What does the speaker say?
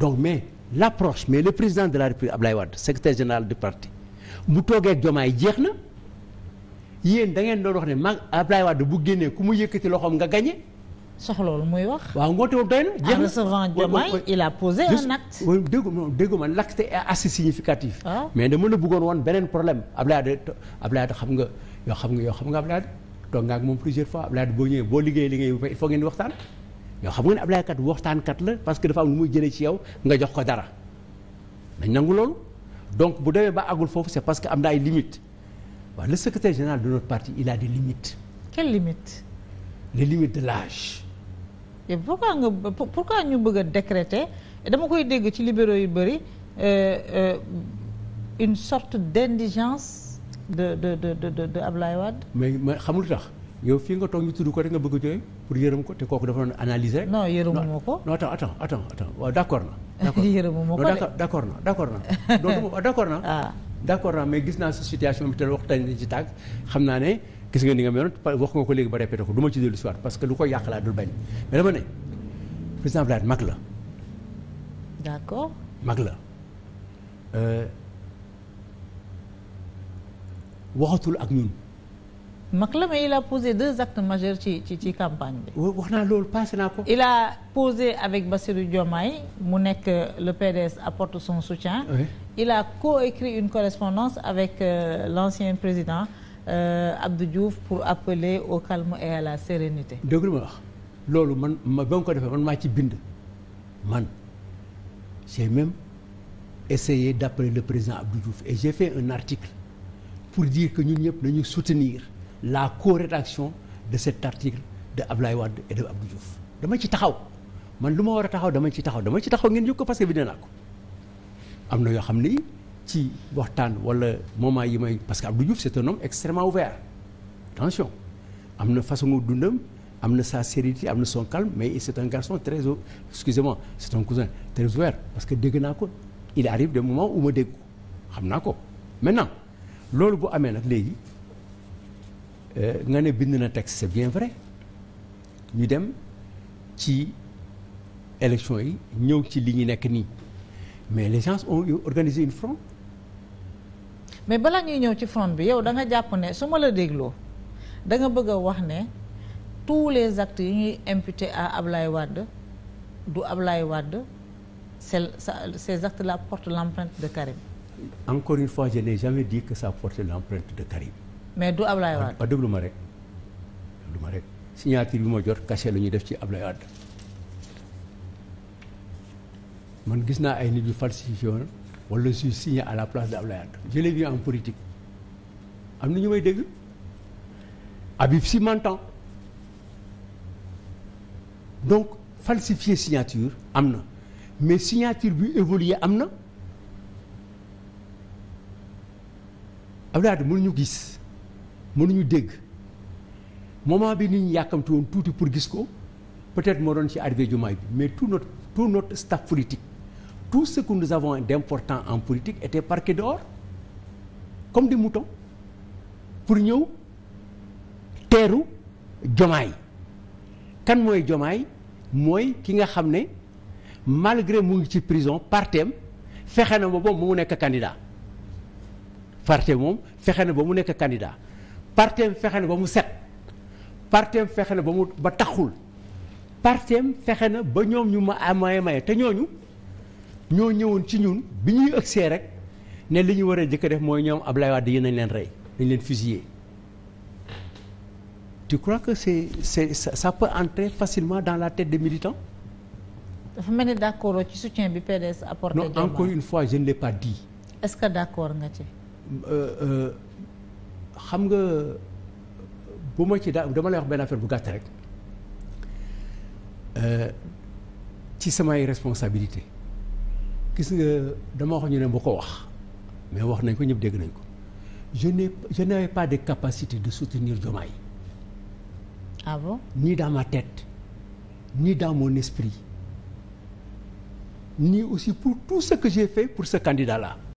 donc mais l'approche mais le président de la République Ablaye Wade secrétaire général du parti bu toogee ak Diomaye jeex na yéen da ngeen doon wax ne mag Ablaye Wade bu génnee ku mu yëkkati loxoom nga gañe soxloolu muy wax. waaw ngoo boobu doy na. jeex na en recevant Diomaye il a posé ma déggu ma l'acte est assez significatif. Ah. mais dama la bëggoon woon beneen problème Ablaye Wade Ablaye xam nga yoo xam nga yoo xam nga Ablaye Wade to nga ak moom plusieurs fois Ablaye Wade boo ñëwee boo liggéeyee liggéey il ngeen di yow xam nga ne Ablaye kat waxtaankat la parce que dafa am lu muy jëlee ci yow nga jox ko dara dañ nangu loolu donc bu demee ba àggul foofu c'est parce que am na ay limites waaw le secrétaire général de notre parti il a des limites. quelles limites. les limites de l'âge et pourquoi nga pourquoi ñu bëgg a décréter dama koy dégg ci libéraux yu bëri euh, euh, une sorte d'indigence de de de de de Ablaye Wade. mais mais xamul tax. yow fii nga toog ñu tudd ko rek nga bëgg a jooy pour yërëm ko te kooku dafa doon analyser. non yërëmuma ko non attends attends attends waaw d' accord na. yërëmuma ko de d' accord na d' accord na donc na. waaw ah. mais gis naa sa situation bi te wax waxtaan ci tàgg xam naa ne gis nga ni nga meloon wax nga ko léegi ba répété ko du ma ci dellu si waat parce que lu ko yàq laa dul bañ mais dama ne président Wade mag la. mag la. Euh, waxatul ak ñun. Macky la mais il a posé deux actes majeurs ci ci ci campagne bi. wax naa loolu passé naa ko. il a posé avec Bassirou Diomaye mu nekk euh, le PDS apporte son soutien. Oui. il a coécrit une correspondance avec euh, l'ancien président euh, Abdou Diouf pour appeler au calme et à la sérénité. dëgg ma wax loolu man ma ba nga ko defee man maa ci bind man j'ai même essayé d'appeler le président Abdou Diouf et j'ai fait un article pour dire que ñun ñëpp nañu soutenir. la co-rédaction de cet article de Ablaye Wade et de Abdou Diouf dama ci taxaw man lu ma war a taxaw damay ci taxaw dama ci taxaw ngeen yëg ko parce que bi naa ko am na yoo xam ni ci waxtaan wala moment yi may parce que Abdou Diouf c'est un homme extrêmement ouvert attention am na façon dundam am na sa sérénité am na son calme mais c'est un garçon très excusez-moi c'est un cousin très parce que dégg naa ko il arrive des moments où dégg xam naa ko maintenant loolu bu amee nag léegi Euh, nga ne bind na texte c'est bien vrai ñu dem ci élection yi ñëw ci li ñu nekk nii mais les gens ont organisé une front mais balaa ñuy ñëw ci front bi yow da nga jàpp ne su ma la dégloo da nga bëgg a wax ne tous les actes yi ñuy imputé à Ablaye wadd du Ablaye Wade c'est ces actes là portent l'empreinte de Karim encore une fois je n'ai jamais dit que ça portait l'empreinte de Karim mais du Ablaye Wade waaw ah, déglu ma rek déglu ma rek signature bi ma jot cachet lu ñuy def ci Ablaye Wade man gis naa ay nit yu falsifié wala suy signé à la place de Ablaye Wade je l'ai vu en politique am na ñu may dégg Habib Sy m'entend donc falsifier signature am na mais signature bi évoluer am na Ablaye Wade mënuñu gis. mënuñu dégg moment bi nit ñi yàkkamti woon tuuti pour gis ko peut-être moo doon ci arrivé jumaay bi mais tout notre tout notre staff politique tout ce que nous avons d'important en politique était parqué dehors comme des moutons pour ñëw teeru jomaay kan mooy jomaay mooy ki nga xam ne malgré mu ngi ci prison parteem fexe na ba moom mu nekk candidat parte moom fexe na ba mu nekk candidat partem fexe na ba mu set partem fexe na ba mu ba taxul partem fexe na ba ñoom ñu ma amaye maye te ñooñu ñoo ñëwoon ci ñun bi ñuy ëgsee rek ne li ñu war a jëkk def mooy ñoom Ablaye Wade yi nañ leen rey nañ leen fusillé tu crois que c'est c'est ça, ça peut entrer facilement dans la tête des militants dafa mel ni d'accord ci soutien bi PDS apporté non encore une fois je ne l'ai pas dit est-ce que d'accord nga ci euh, euh, xam nga bu ma ci daa dama lay wax benn affaire bu gàtt rek euh, ci samay responsabilité gis nga dama wax ñu ne bu ko wax mais wax nañ ko ñëpp dégg nañ ko je n'ai je n'avais pas de capacité de soutenir Diomaye. ah bon ni dans ma tête ni dans mon esprit ni aussi pour tout ce que j'ai fait pour ce candidat-là.